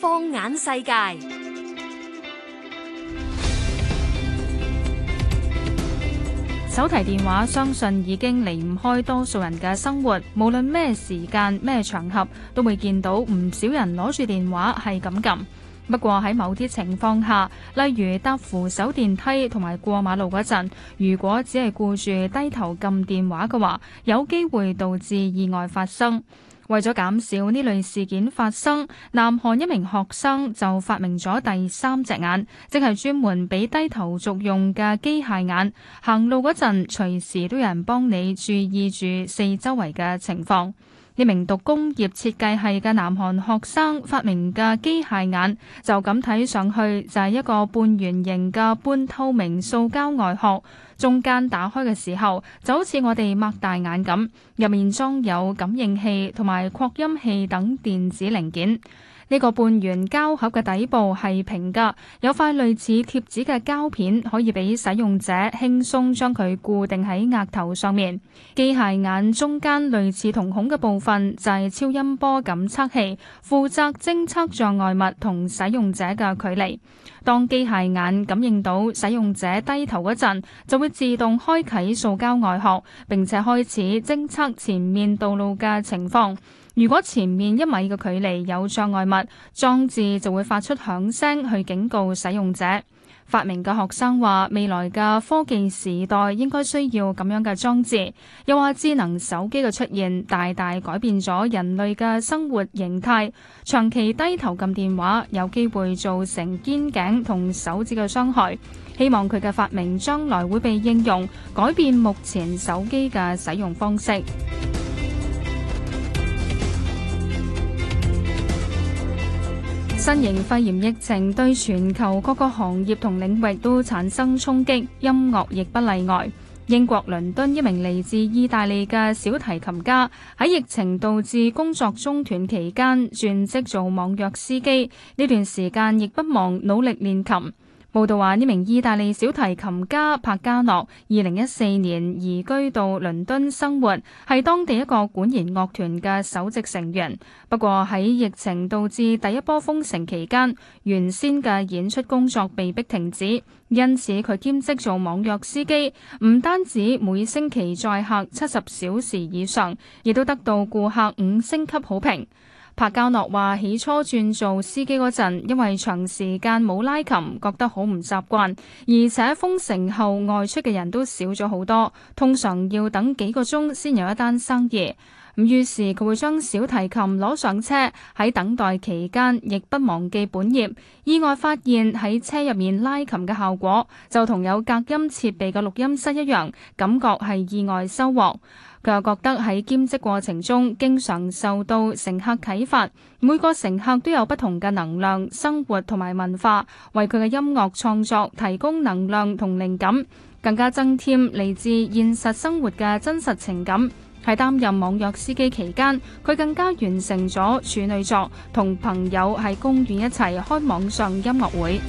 放眼世界，手提電話相信已經離唔開多數人嘅生活，無論咩時間咩場合，都會見到唔少人攞住電話係咁撳。不過喺某啲情況下，例如搭扶手電梯同埋過馬路嗰陣，如果只係顧住低頭撳電話嘅話，有機會導致意外發生。為咗減少呢類事件發生，南韓一名學生就發明咗第三隻眼，即係專門俾低頭族用嘅機械眼，行路嗰陣隨時都有人幫你注意住四周圍嘅情況。呢名讀工業設計系嘅南韓學生發明嘅機械眼，就咁睇上去就係一個半圓形嘅半透明塑膠外殼，中間打開嘅時候，就好似我哋擘大眼咁，入面裝有感應器同埋擴音器等電子零件。呢個半圓膠盒嘅底部係平㗎，有塊類似貼紙嘅膠片，可以俾使用者輕鬆將佢固定喺額頭上面。機械眼中間類似瞳孔嘅部分就係超音波感測器，負責偵測障礙物同使用者嘅距離。當機械眼感應到使用者低頭嗰陣，就會自動開啟塑膠外殼，並且開始偵測前面道路嘅情況。如果前面一米嘅距離有障礙物，裝置就會發出響聲去警告使用者。發明嘅學生話：未來嘅科技時代應該需要咁樣嘅裝置。又話智能手機嘅出現大大改變咗人類嘅生活形態，長期低頭撳電話有機會造成肩頸同手指嘅傷害。希望佢嘅發明將來會被應用，改變目前手機嘅使用方式。新型肺炎疫情對全球各個行業同領域都產生衝擊，音樂亦不例外。英國倫敦一名嚟自意大利嘅小提琴家，喺疫情導致工作中斷期間，轉職做網約司機，呢段時間亦不忘努力練琴。報道話呢名意大利小提琴家帕加諾，二零一四年移居到倫敦生活，係當地一個管弦樂團嘅首席成員。不過喺疫情導致第一波封城期間，原先嘅演出工作被迫停止，因此佢兼職做網約司機，唔單止每星期載客七十小時以上，亦都得到顧客五星級好評。帕嘉諾話起初轉做司機嗰陣，因為長時間冇拉琴，覺得好唔習慣，而且封城後外出嘅人都少咗好多，通常要等幾個鐘先有一單生意。咁於是佢會將小提琴攞上車，喺等待期間亦不忘記本業。意外發現喺車入面拉琴嘅效果，就同有隔音設備嘅錄音室一樣，感覺係意外收穫。佢又覺得喺兼職過程中，經常受到乘客啟發。每個乘客都有不同嘅能量、生活同埋文化，為佢嘅音樂創作提供能量同靈感，更加增添嚟自現實生活嘅真實情感。喺擔任網約司機期間，佢更加完成咗處女作，同朋友喺公園一齊開網上音樂會。